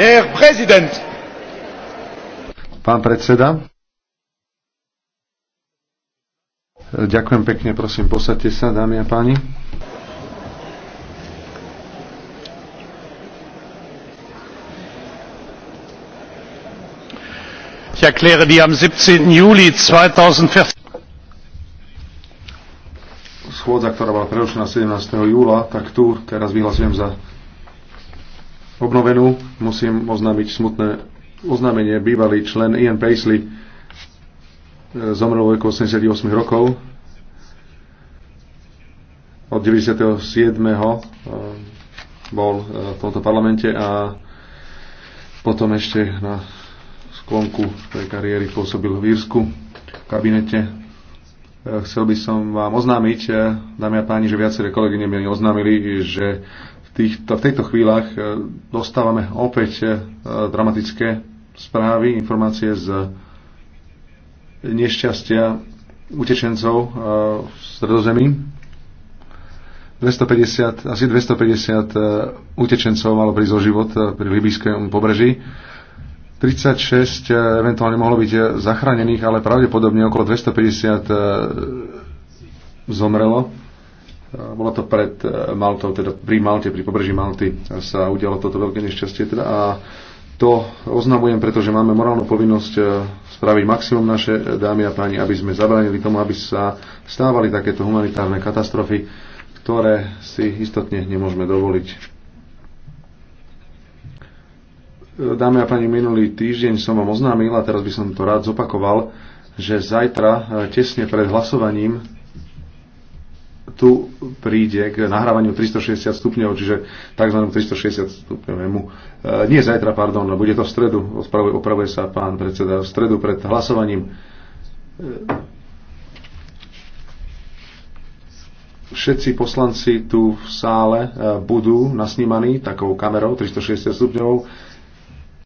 Herr Präsident! Pán predseda. Ďakujem pekne, prosím, posadte sa, dámy a páni. Ich erkläre die am 17. Juli 2014 schôdza, ktorá bola prerušená 17. júla, tak tu teraz vyhlasujem za obnovenú. Musím oznámiť smutné oznámenie. Bývalý člen Ian Paisley e, zomrel vo veku 88 rokov. Od 97. E, bol e, v tomto parlamente a potom ešte na sklonku tej kariéry pôsobil v Írsku v kabinete chcel by som vám oznámiť, dámy a páni, že viaceré kolegyne mi oznámili, že to, v týchto chvíľach e, dostávame opäť e, dramatické správy, informácie z nešťastia utečencov e, v Stredozemí. 250, asi 250 utečencov malo prísť o život pri libijskom pobreží. 36 eventuálne mohlo byť zachránených, ale pravdepodobne okolo 250 zomrelo. Eh, Bolo to pred eh, Maltou, teda pri Malte, pri pobreží Malty eh, sa udialo toto veľké nešťastie. Teda a to oznamujem, pretože máme morálnu povinnosť spraviť maximum naše dámy a páni, aby sme zabránili tomu, aby sa stávali takéto humanitárne katastrofy, ktoré si istotne nemôžeme dovoliť. Dámy a páni, minulý týždeň som vám oznámil a teraz by som to rád zopakoval, že zajtra, tesne pred hlasovaním tu príde k nahrávaniu 360 stupňov, čiže tzv. 360 stupňovému. E, nie zajtra, pardon, no bude to v stredu, opravuje, opravuje sa pán predseda, v stredu pred hlasovaním. E, všetci poslanci tu v sále e, budú nasnímaní takou kamerou 360 stupňov